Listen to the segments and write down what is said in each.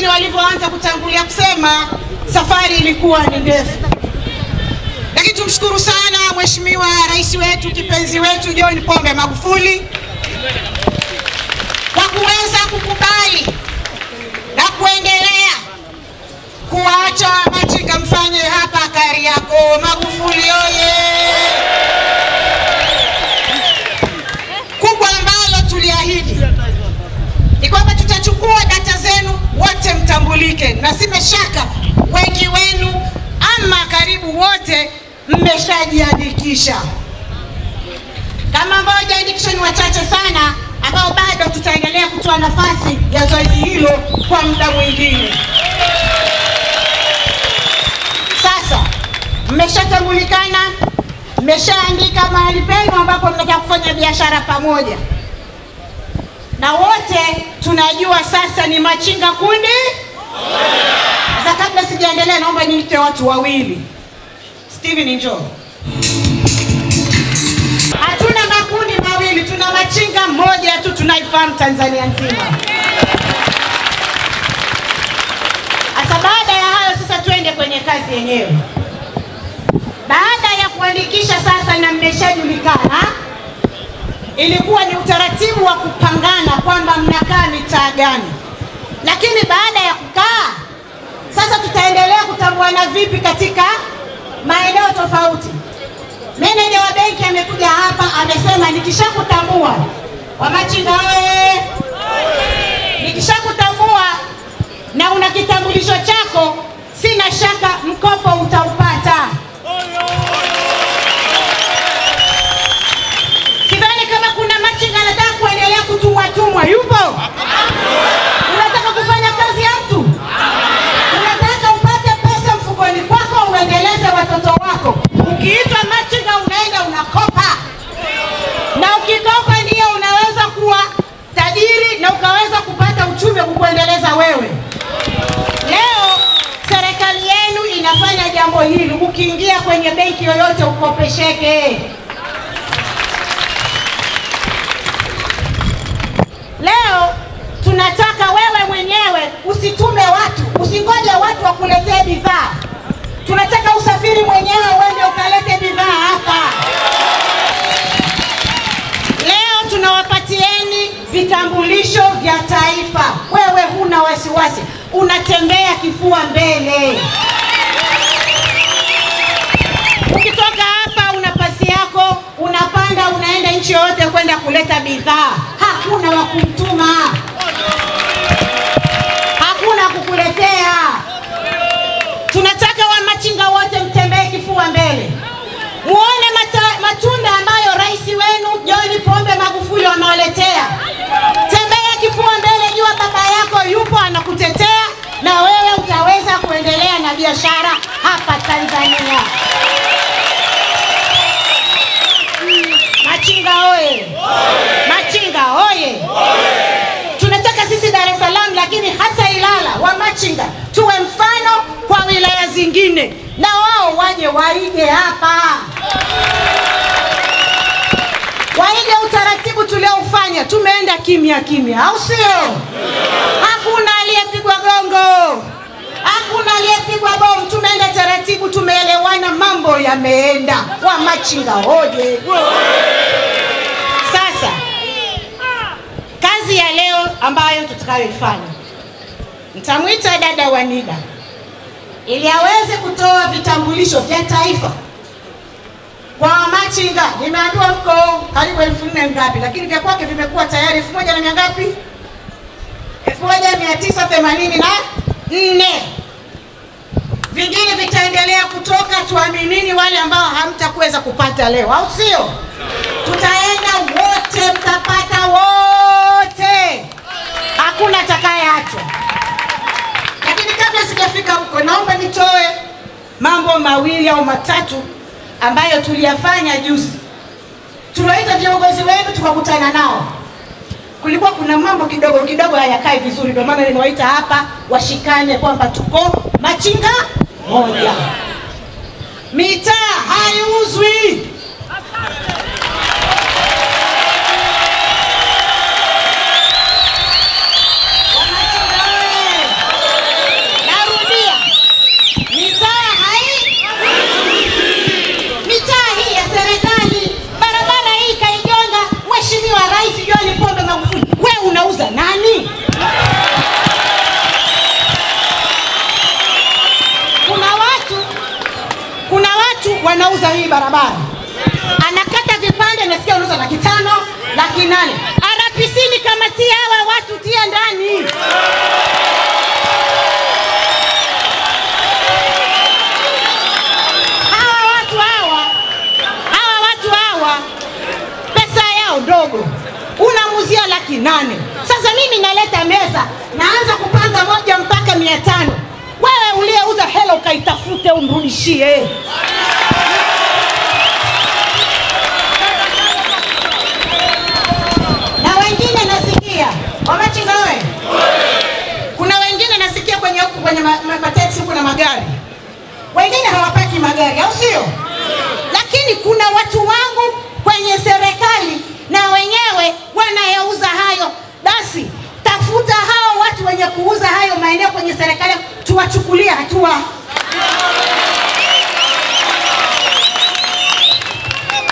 lakini walivyoanza kutangulia kusema, safari ilikuwa ni ndefu, lakini tumshukuru sana Mheshimiwa Rais wetu kipenzi wetu John Pombe Magufuli kwa kuweza kukubali na kuendelea kuacha machinga mfanye hapa Kariakoo. Magufuli oye! mmeshajiandikisha. Kama ambao jiandikisha ni wachache sana, ambao bado tutaendelea kutoa nafasi ya zoezi hilo kwa muda mwingine. Sasa mmeshatambulikana, mmeshaandika mahali penu ambapo mnataka kufanya biashara pamoja, na wote tunajua sasa ni machinga kundi. Sasa kabla sijaendelea, naomba niite watu wawili. Steven, njoo. Hatuna makundi mawili, tuna machinga moja tu tunaifahamu Tanzania nzima. Sasa baada ya hayo sasa tuende kwenye kazi yenyewe. Baada ya kuandikisha sasa na mmeshajulikana, ilikuwa ni utaratibu wa kupangana kwamba mnakaa mitaa gani, lakini baada ya kukaa sasa tutaendelea kutambuana vipi katika maeneo tofauti. Meneja wa benki amekuja hapa amesema, nikishakutambua wamachinga oye, nikishakutambua na una kitambulisho chako, sina shaka mkopo utaupata. ukiingia kwenye benki yoyote ukopesheke. Leo tunataka wewe mwenyewe usitume watu, usingoje watu wakuletee bidhaa. Tunataka usafiri mwenyewe uende ukalete bidhaa hapa. Leo tunawapatieni vitambulisho vya taifa. Wewe huna wasiwasi, unatembea kifua mbele. Ukitoka hapa una pasi yako, unapanda unaenda nchi yoyote kwenda kuleta bidhaa, hakuna wa kumtuma, hakuna kukuletea. Tunataka wamachinga wote mtembee kifua mbele, muone mata, matunda ambayo rais wenu John Pombe Magufuli wamewaletea. Tembea kifua mbele, jua baba yako yupo anakutetea, na wewe utaweza kuendelea na biashara hapa Tanzania. Machinga oye! Machinga oye! Tunataka sisi Dar es Salaam, lakini hata Ilala wa machinga tuwe mfano kwa wilaya zingine, na wao waje waige hapa, waige utaratibu tuliofanya. Tumeenda kimya kimya, au sio? Hakuna aliyepigwa gongo, hakuna aliyepigwa bomu, tumeenda taratibu tumeelewana, mambo yameenda. Wamachinga hoje! Sasa kazi ya leo ambayo tutakayoifanya, mtamwita dada wanida ili aweze kutoa vitambulisho vya taifa kwa wamachinga. Nimeambiwa mko karibu elfu nne ngapi, lakini vya kwake vimekuwa tayari elfu moja na mia ngapi? elfu moja mia tisa themanini na nne vingine vitaendelea kutoka. Tuaminini wale ambao hamtakuweza kupata leo, au sio? Tutaenda wote, mtapata wote, hakuna atakayeachwa. Lakini kabla sijafika huko, naomba nitoe mambo mawili au matatu ambayo tuliyafanya juzi. Tuliwaita viongozi wenu tukakutana nao, kulikuwa kuna mambo kidogo kidogo hayakai vizuri, ndio maana nimewaita hapa washikane kwamba tuko machinga moja. Mitaa barabara, anakata vipande, nasikia unauza laki tano, laki nane. RPC ni kamati hawa watu, tia ndani hawa watu hawa, hawa watu hawa, pesa yao ndogo unamuzia laki nane. Sasa mimi naleta meza, naanza kupanda moja mpaka mia tano. Wewe uliyeuza hela ukaitafute umrudishie. ma, mateksi huko na magari, wengine hawapaki magari, au sio? Lakini kuna watu wangu kwenye serikali na wenyewe wanayauza hayo. Basi tafuta hao watu wenye kuuza hayo maeneo kwenye serikali, tuwachukulie hatua.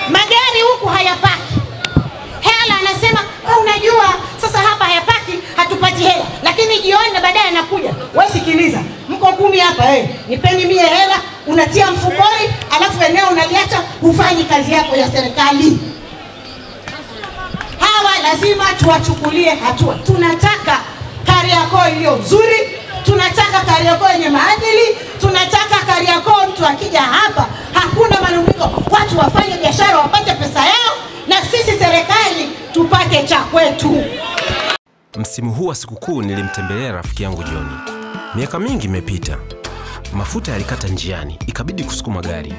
Magari huku hayapaki kumi hapa eh, nipeni mie hela, unatia mfukoni, alafu eneo unaliacha, hufanyi kazi yako ya serikali. Hawa lazima tuwachukulie hatua. Tunataka Kariakoo iliyo nzuri, tunataka Kariakoo yenye maadili, tunataka Kariakoo mtu akija hapa hakuna manunguniko, watu wafanye biashara, wapate pesa yao, na sisi serikali tupate cha kwetu. Msimu huu wa sikukuu nilimtembelea rafiki yangu Joni Miaka mingi imepita, mafuta yalikata njiani, ikabidi kusukuma gari.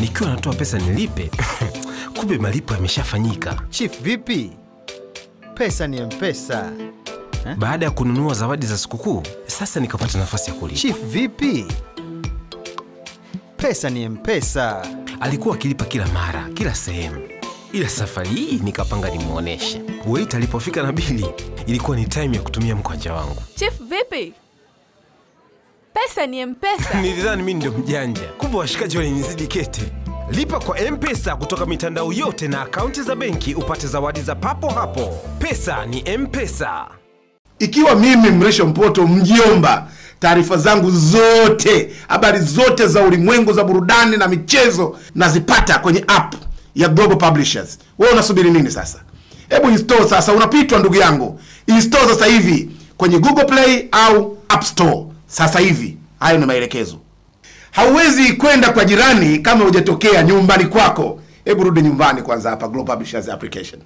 Nikiwa natoa pesa nilipe, kumbe malipo yameshafanyika. Chief vipi? Pesa ni mpesa. Baada ya kununua zawadi za sikukuu, sasa nikapata nafasi ya kulipa. Chief vipi? Pesa ni mpesa. Alikuwa akilipa kila mara, kila sehemu ila safari hii nikapanga nimwoneshe. Wait alipofika na bili, ilikuwa ni time ya kutumia mkwanja wangu. Chief, vipi? Pesa ni mpesa. Nilidhani mimi ndio mjanja, kumbe washikaji walinizidi kete. Lipa kwa M-Pesa kutoka mitandao yote na akaunti za benki upate zawadi za papo hapo. Pesa ni M-Pesa. Ikiwa mimi Mrisho Mpoto mjiomba, taarifa zangu zote, habari zote za ulimwengu za burudani na michezo nazipata kwenye app ya Global Publishers. Wewe unasubiri nini sasa? Hebu install sasa, unapitwa ndugu yangu. Install sasa hivi kwenye Google Play au App Store sasa hivi. Hayo ni maelekezo. Hauwezi kwenda kwa jirani kama hujatokea nyumbani kwako. Hebu rudi nyumbani kwanza hapa Global Publishers application.